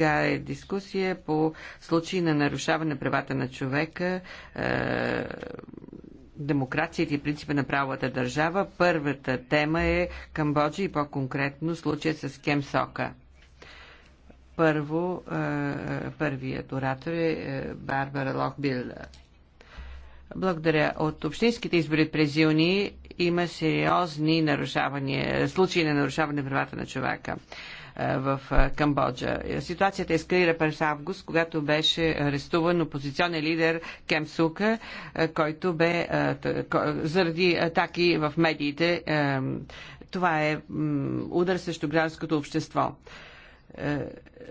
Сега е дискусия по случаи на нарушаване правата на човека, е, демокрацията и принципа на правовата държава. Първата тема е Камбоджа и по-конкретно случая с Кем Сока. Първо, е, първият оратор е, е Барбара Лохбил. Благодаря. От общинските избори през юни има сериозни нарушавания, случаи на нарушаване правата на човека в Камбоджа. Ситуацията ескалира през август, когато беше арестуван опозиционен лидер Кем Сука, който бе заради атаки в медиите. Това е удар срещу гражданското общество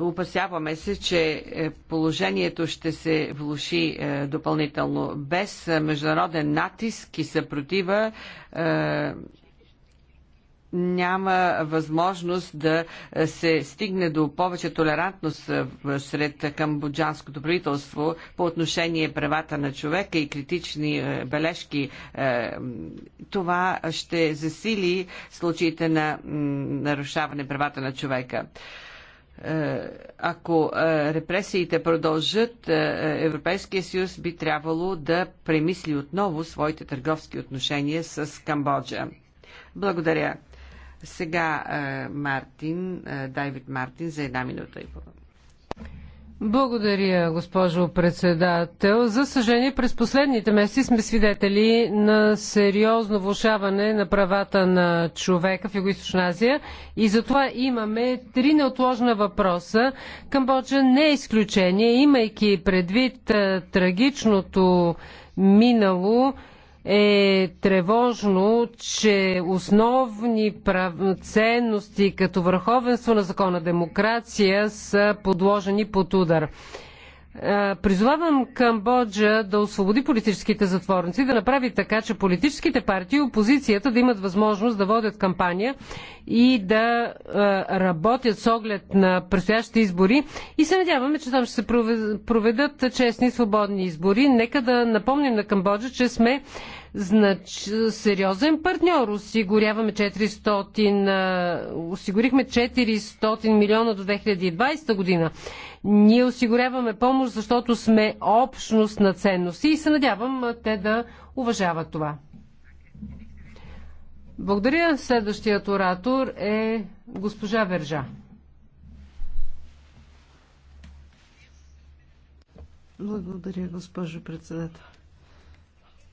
опасяваме се, че е, положението ще се влуши е, допълнително. Без международен натиск и съпротива е, няма възможност да се стигне до повече толерантност сред камбоджанското правителство по отношение правата на човека и критични бележки. Това ще засили случаите на нарушаване правата на човека ако репресиите продължат, Европейския съюз би трябвало да премисли отново своите търговски отношения с Камбоджа. Благодаря. Сега е, Мартин, е, Дайвид Мартин за една минута и половина. Благодаря, госпожо председател. За съжаление, през последните месеци сме свидетели на сериозно влушаване на правата на човека в Юго-Источна Азия и затова имаме три неотложна въпроса. Камбоджа не е изключение, имайки предвид е, трагичното минало е тревожно, че основни прав... ценности като върховенство на закона, демокрация са подложени под удар. Е, призовавам Камбоджа да освободи политическите затворници, да направи така, че политическите партии и опозицията да имат възможност да водят кампания и да е, работят с оглед на предстоящите избори. И се надяваме, че там ще се проведат честни и свободни избори. Нека да напомним на Камбоджа, че сме знач... сериозен партньор. Осигуряваме 400... Осигурихме 400 милиона до 2020 година. Ние осигуряваме помощ, защото сме общност на ценности и се надявам те да уважават това. Благодаря. Следващият оратор е госпожа Вержа. Благодаря, госпожо председател.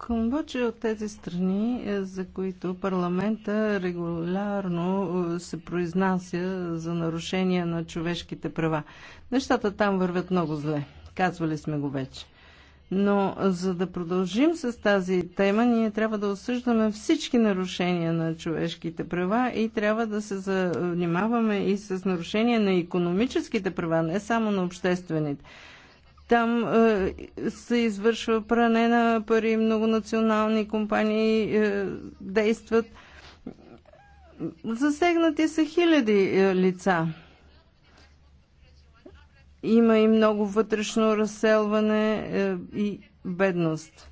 Камбоджа е от тези страни, е, за които парламента регулярно е, се произнася за нарушения на човешките права. Нещата там вървят много зле. Казвали сме го вече. Но е, за да продължим с тази тема, ние трябва да осъждаме всички нарушения на човешките права и трябва да се занимаваме и с нарушения на економическите права, не само на обществените. Там е, се извършва пране на пари, многонационални компании е, действат. Засегнати са хиляди е, лица. Има и много вътрешно разселване и бедност.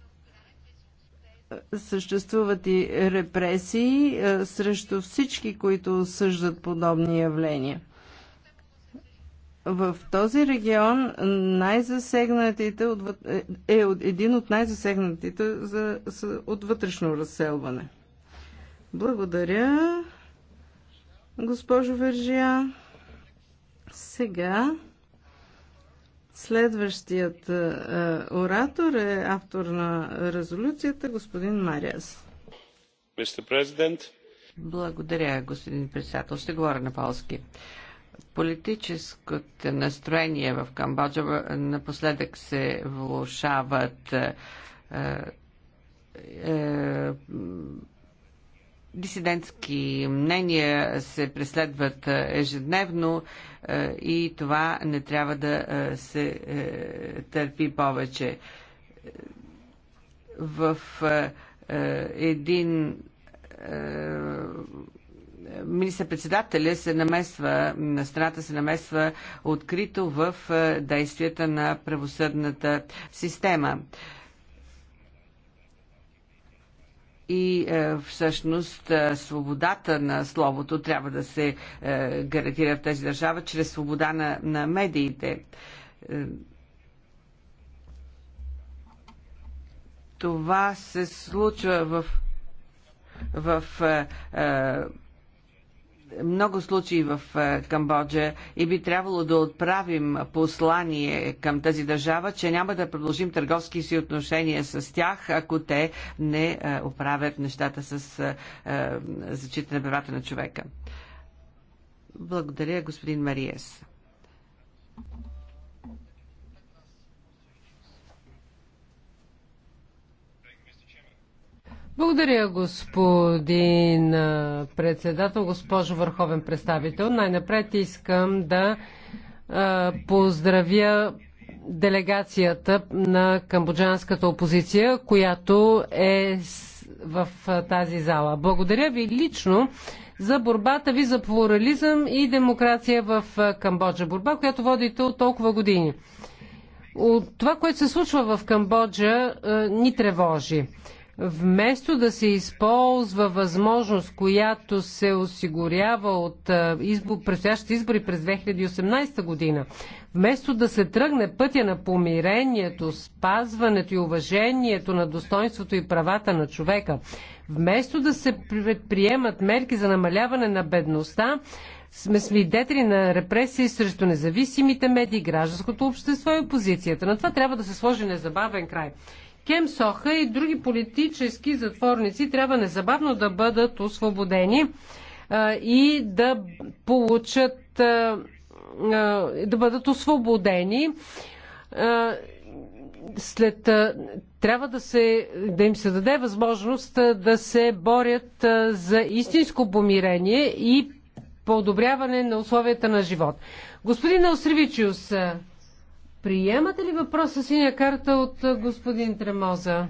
Съществуват и репресии срещу всички, които осъждат подобни явления в този регион най-засегнатите от, е, е един от най-засегнатите за, за, от вътрешно разселване. Благодаря, госпожо Вержия. Сега следващият а, е, оратор е автор на резолюцията, господин Мариас. Благодаря, господин председател. Ще говоря на полски. Политическото настроение в Камбоджа напоследък се влушават е, е, дисидентски мнения се преследват е, ежедневно и това не трябва да се търпи повече. В един министър-председателя се намесва, на страната се намесва открито в е, действията на правосъдната система. и е, всъщност е, свободата на словото трябва да се гарантира в тази държава чрез свобода на, на медиите. Това се случва в, в много случаи в е, Камбоджа и би трябвало да отправим послание към тази държава, че няма да продължим търговски си отношения с тях, ако те не е, оправят нещата с е, зачитане на правата на човека. Благодаря, господин Мариес. Благодаря, господин председател, госпожо върховен представител. Най-напред искам да поздравя делегацията на камбоджанската опозиция, която е в тази зала. Благодаря ви лично за борбата ви за плурализъм и демокрация в Камбоджа. Борба, която водите от толкова години. От това, което се случва в Камбоджа, ни тревожи вместо да се използва възможност, която се осигурява от избор, предстоящите избори през 2018 година, вместо да се тръгне пътя на помирението, спазването и уважението на достоинството и правата на човека, вместо да се предприемат мерки за намаляване на бедността, сме свидетели на репресии срещу независимите медии, гражданското общество и опозицията. На това трябва да се сложи незабавен край. Кем Соха и други политически затворници трябва незабавно да бъдат освободени и да получат да бъдат освободени след трябва да, се, да им се даде възможност да се борят за истинско помирение и подобряване на условията на живот. Господин Осривичиус, Приемате ли въпроса синя карта от господин Тремоза?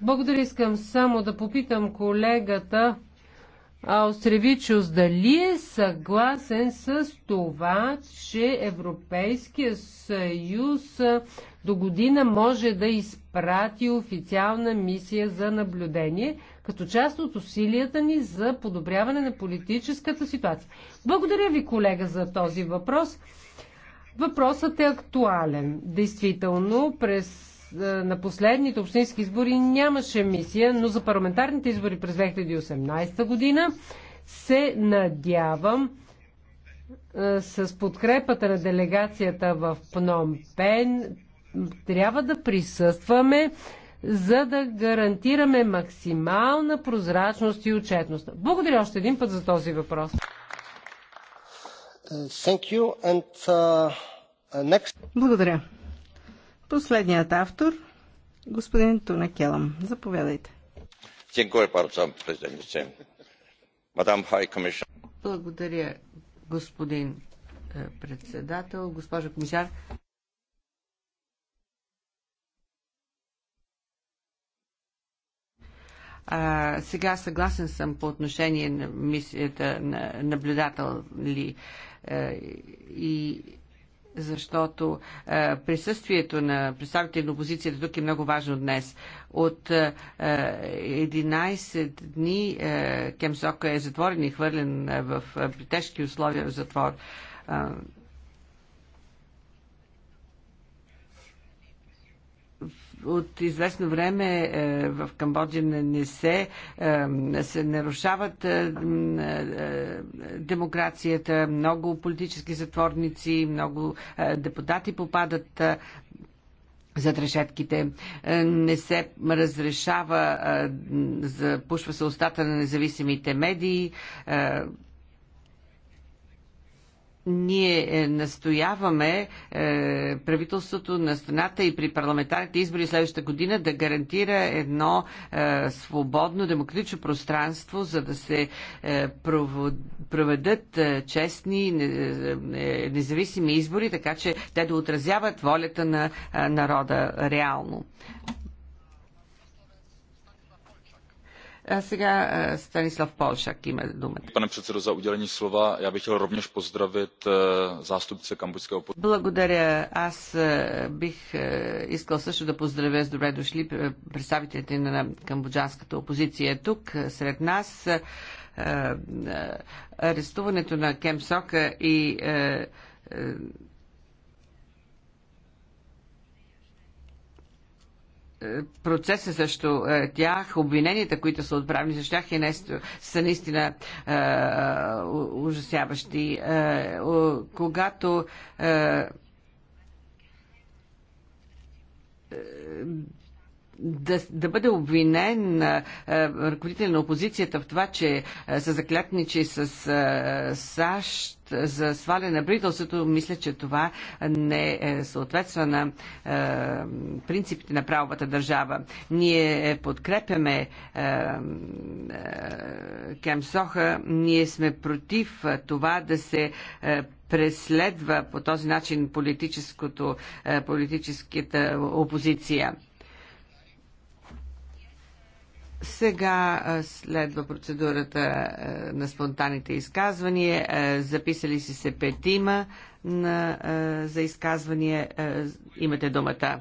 Благодаря, искам само да попитам колегата Аустревичус, дали е съгласен с това, че Европейския съюз до година може да изпрати официална мисия за наблюдение, като част от усилията ни за подобряване на политическата ситуация. Благодаря ви, колега, за този въпрос. Въпросът е актуален. Действително, през е, на последните общински избори нямаше мисия, но за парламентарните избори през 2018 година се надявам е, с подкрепата на делегацията в Пном Пен трябва да присъстваме, за да гарантираме максимална прозрачност и отчетност. Благодаря още един път за този въпрос. Uh, Благодаря. Последният автор, господин Туна Келам. Заповядайте. Благодаря, господин е, председател, госпожа комисар. А, сега съгласен съм по отношение на мисията на наблюдател ли е, и защото е, присъствието на представители на опозицията тук е много важно днес. От 11 е, дни Кемсока е затворен и хвърлен в тежки условия в затвор. от известно време е, в Камбоджа не се, е, се нарушават е, демокрацията, много политически затворници, много депутати попадат за решетките, не се разрешава, запушва се устата на независимите медии, ние е, настояваме е, правителството на страната и при парламентарните избори следващата година да гарантира едно е, свободно демократично пространство, за да се проведат честни, независими избори, така че те да отразяват волята на народа реално. А сега Станислав Полшак има думата. Пане председател, за уделени слова, я бих хотел поздравит заступце Благодаря. Аз бих искал също да поздравя с добре дошли представителите на камбоджанската опозиция тук сред нас. Арестуването на Кемсока и процеса срещу е, тях, обвиненията, които са отправени срещу тях, е нещо, са наистина е, ужасяващи. Е, когато е, да, да бъде обвинен а, ръководител на опозицията в това, че а, са заклятничи с а, САЩ за сваляне на правителството, мисля, че това не е съответства на а, принципите на правовата държава. Ние е, подкрепяме Кем Соха, Кемсоха, ние сме против това да се а, преследва по този начин политическата опозиция. Сега следва процедурата на спонтанните изказвания. Записали си се петима на, за изказвания. Имате думата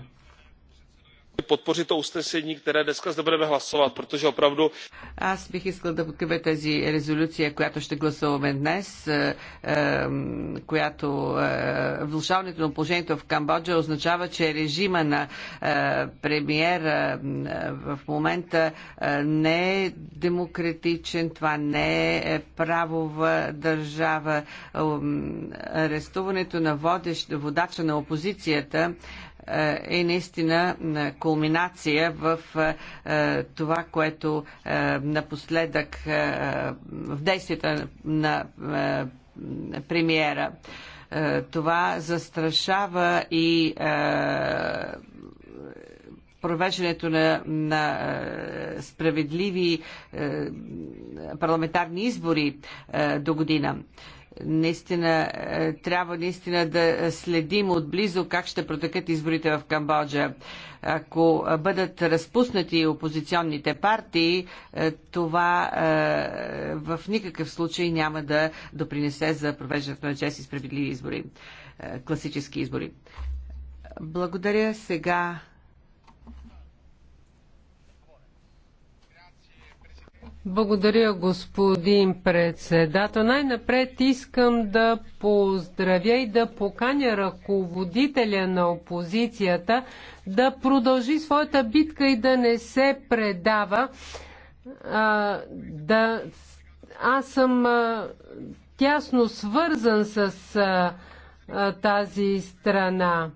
podpořit to usnesení, které dneska zde budeme hlasovat, protože opravdu... Аз бих искал да подкрепя тази резолюция, която ще гласуваме днес, е, е, която е, влушаването на положението в Камбоджа означава, че режима на премиер в момента не е демократичен, това не е правова държава. Арестуването на водещ, водача на опозицията е, е наистина е, кулминация в е, това, което напоследък в действията на премиера. Това застрашава и провеждането на, на справедливи парламентарни избори до година наистина, е, трябва наистина да следим отблизо как ще протекат изборите в Камбоджа. Ако бъдат разпуснати опозиционните партии, е, това е, в никакъв случай няма да допринесе за провеждането на чести справедливи избори, класически избори. Благодаря сега Благодаря, господин председател. Най-напред искам да поздравя и да поканя ръководителя на опозицията да продължи своята битка и да не се предава. А, да... Аз съм а, тясно свързан с а, а, тази страна.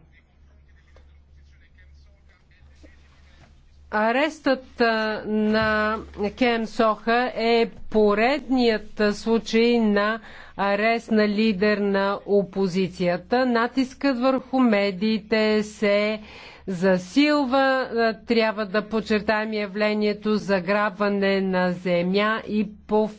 Арестът на Кем Соха е поредният случай на арест на лидер на опозицията. Натискът върху медиите се засилва. Трябва да подчертаем явлението заграбване на земя и пов...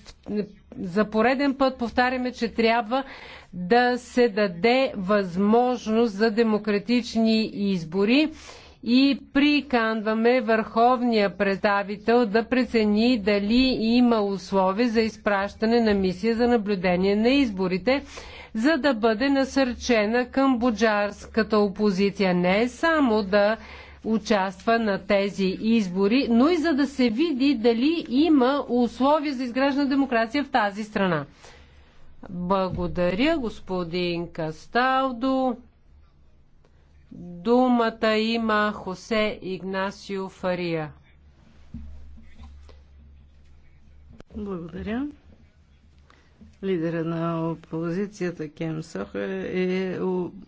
за пореден път повтаряме, че трябва да се даде възможност за демократични избори и приканваме върховния представител да прецени дали има условия за изпращане на мисия за наблюдение на изборите, за да бъде насърчена към буджарската опозиция не е само да участва на тези избори, но и за да се види дали има условия за изграждане на демокрация в тази страна. Благодаря, господин Касталдо. Думата има Хосе Игнасио Фария. Благодаря. Лидера на опозицията Кем Соха е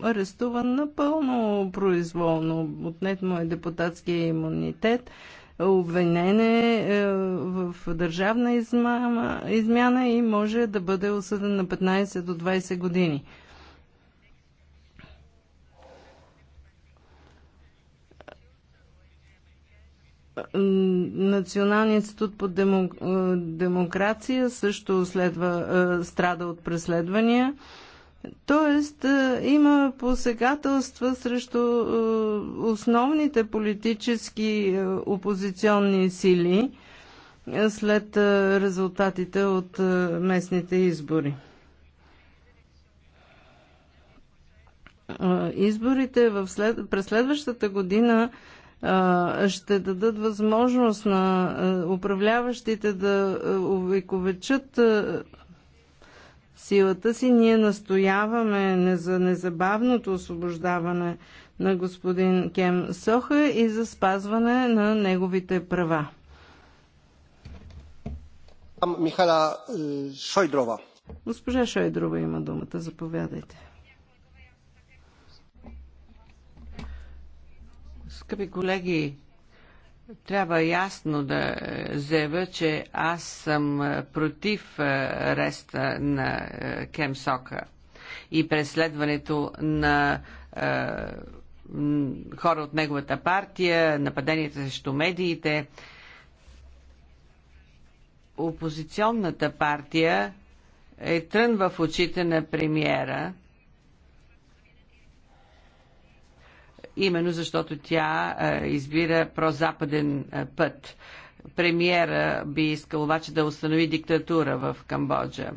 арестуван напълно произволно. Отнет му е депутатския имунитет. Обвинен е, е в държавна измама, измяна и може да бъде осъден на 15 до 20 години. Националния институт по демо, демокрация също следва, страда от преследвания. Тоест, има посегателства срещу основните политически опозиционни сили след резултатите от местните избори. Изборите в след... през следващата година ще дадат възможност на управляващите да увековечат силата си. Ние настояваме за незабавното освобождаване на господин Кем Соха и за спазване на неговите права. Михала е, Шойдрова. Госпожа Шойдрова има думата. Заповядайте. Скъпи колеги, трябва ясно да заявя, че аз съм против е, ареста на е, Кемсока и преследването на е, хора от неговата партия, нападенията срещу медиите. Опозиционната партия е трън в очите на премиера – именно защото тя е, избира прозападен е, път. Премиера би искал обаче да установи диктатура в Камбоджа.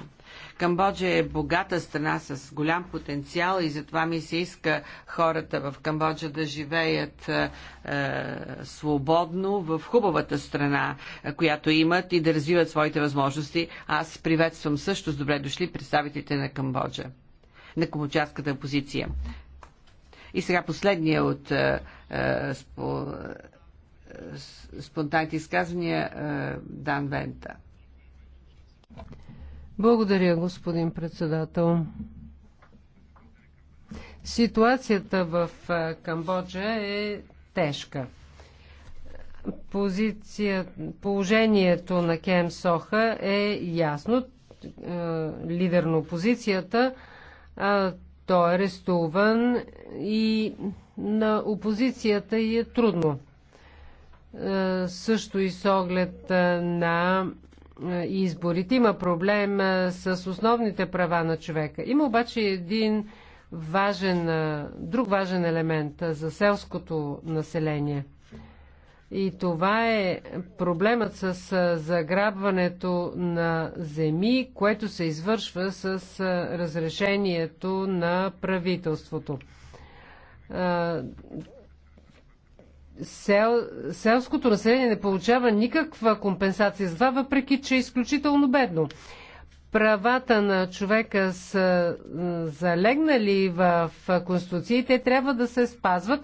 Камбоджа е богата страна с голям потенциал и затова ми се иска хората в Камбоджа да живеят е, е свободно в хубавата страна, която имат и да развиват своите възможности. Аз приветствам също с добре дошли представителите на Камбоджа, на камбоджарската опозиция. И сега последния от а, е, е, спо, а, е, спонтанните изказвания е, Дан Вента. Благодаря, господин председател. Ситуацията в Камбоджа е тежка. Позиция, положението на Кем Соха е ясно. Лидер на опозицията той е арестуван и на опозицията й е трудно. Е, също и с оглед е, на е, изборите има проблем с основните права на човека. Има обаче един важен, друг важен елемент за селското население – и това е проблемът с заграбването на земи, което се извършва с разрешението на правителството. Сел, селското население не получава никаква компенсация за това, въпреки че е изключително бедно правата на човека са залегнали в конституциите, трябва да се спазват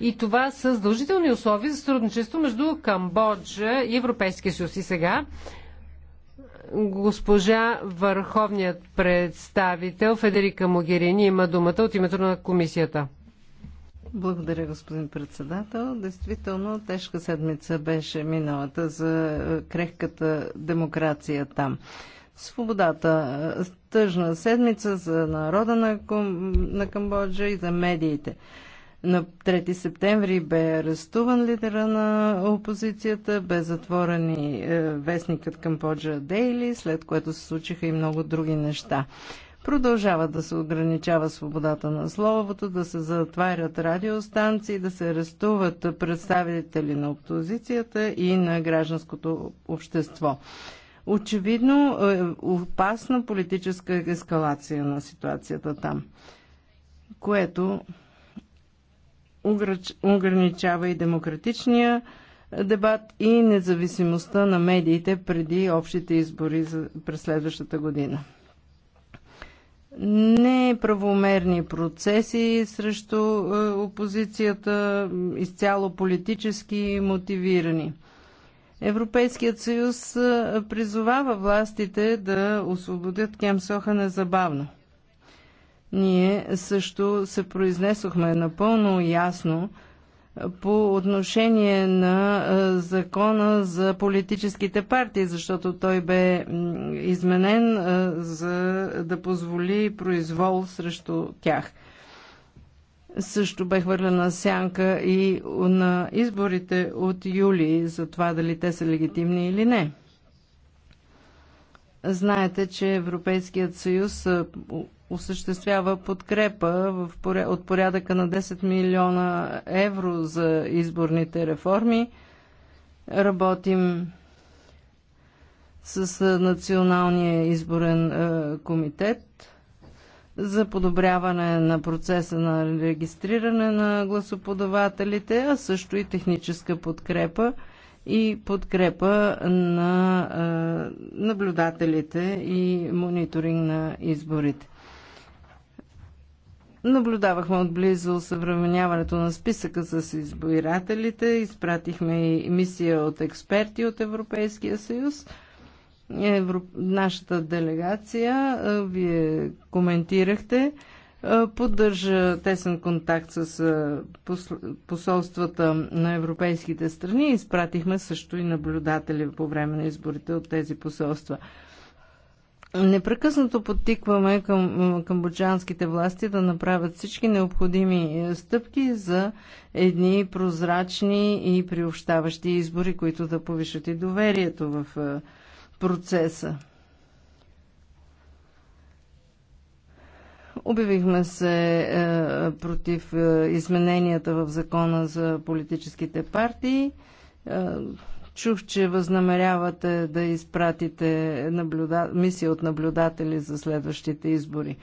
и това са задължителни условия за сътрудничество между Камбоджа и Европейския съюз. И сега госпожа върховният представител Федерика Могерини има думата от името на комисията. Благодаря, господин председател. Действително, тежка седмица беше миналата за крехката демокрация там свободата. Тъжна седмица за народа на, Ком... на Камбоджа и за медиите. На 3 септември бе арестуван лидера на опозицията, бе затворени е, вестникът Камбоджа Дейли, след което се случиха и много други неща. Продължава да се ограничава свободата на словото, да се затварят радиостанции, да се арестуват представители на опозицията и на гражданското общество. Очевидно е, опасна политическа ескалация на ситуацията там, което ограничава и демократичния дебат и независимостта на медиите преди общите избори през следващата година. Неправомерни процеси срещу е, опозицията, изцяло политически мотивирани – Европейският съюз призовава властите да освободят Кем Соха незабавно. Ние също се произнесохме напълно ясно по отношение на закона за политическите партии, защото той бе изменен за да позволи произвол срещу тях също бе хвърлена сянка и на изборите от юли за това дали те са легитимни или не. Знаете, че Европейският съюз осъществява подкрепа от порядъка на 10 милиона евро за изборните реформи. Работим с Националния изборен комитет за подобряване на процеса на регистриране на гласоподавателите, а също и техническа подкрепа и подкрепа на наблюдателите и мониторинг на изборите. Наблюдавахме отблизо съвременяването на списъка с избирателите, изпратихме и мисия от експерти от Европейския съюз – Евро... нашата делегация, вие коментирахте, поддържа тесен контакт с посолствата на европейските страни. Изпратихме също и наблюдатели по време на изборите от тези посолства. Непрекъснато подтикваме към камбоджанските власти да направят всички необходими стъпки за едни прозрачни и приобщаващи избори, които да повишат и доверието в процеса. Обявихме се е, против е, измененията в закона за политическите партии. Е, чух, че възнамерявате да изпратите наблюда... мисия от наблюдатели за следващите избори.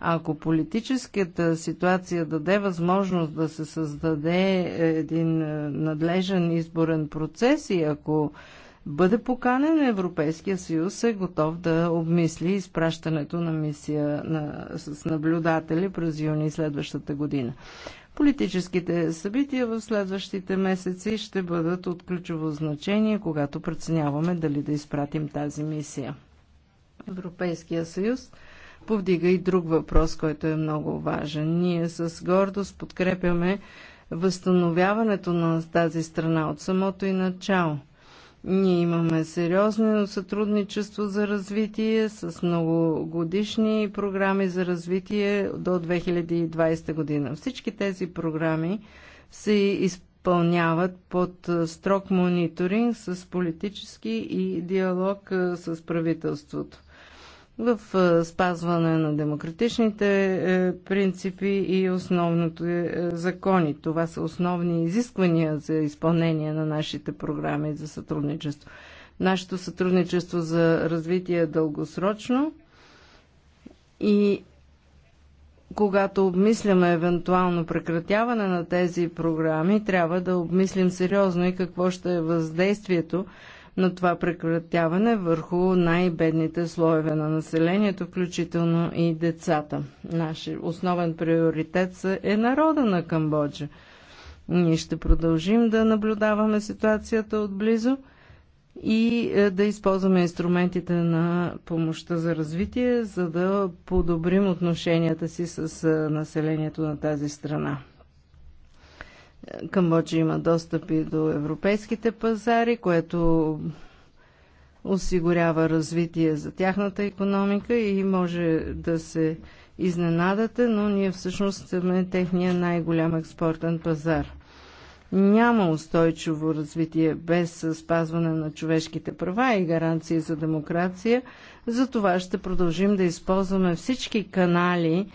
Ако политическата ситуация даде възможност да се създаде един е, надлежен изборен процес и ако е, бъде поканен, Европейския съюз е готов да обмисли изпращането на мисия на, с наблюдатели през юни следващата година. Политическите събития в следващите месеци ще бъдат от ключово значение, когато преценяваме дали да изпратим тази мисия. Европейския съюз повдига и друг въпрос, който е много важен. Ние с гордост подкрепяме възстановяването на тази страна от самото и начало – ние имаме сериозно сътрудничество за развитие с многогодишни програми за развитие до 2020 година. Всички тези програми се изпълняват под строг мониторинг с политически и диалог с правителството в е, спазване на демократичните е, принципи и основното е, закони. Това са основни изисквания за изпълнение на нашите програми за сътрудничество. Нашето сътрудничество за развитие е дългосрочно и когато обмисляме евентуално прекратяване на тези програми, трябва да обмислим сериозно и какво ще е въздействието на това прекратяване върху най-бедните слоеве на населението, включително и децата. Наш основен приоритет е народа на Камбоджа. Ние ще продължим да наблюдаваме ситуацията отблизо и е, да използваме инструментите на помощта за развитие, за да подобрим отношенията си с е, населението на тази страна. Камбоджа има достъп и до европейските пазари, което осигурява развитие за тяхната економика и може да се изненадате, но ние всъщност сме техния най-голям експортен пазар. Няма устойчиво развитие без спазване на човешките права и гаранции за демокрация. За това ще продължим да използваме всички канали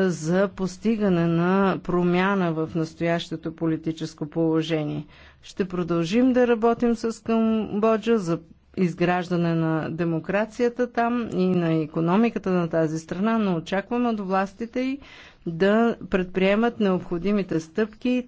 за постигане на промяна в настоящото политическо положение. Ще продължим да работим с Камбоджа за изграждане на демокрацията там и на економиката на тази страна, но очакваме от властите й да предприемат необходимите стъпки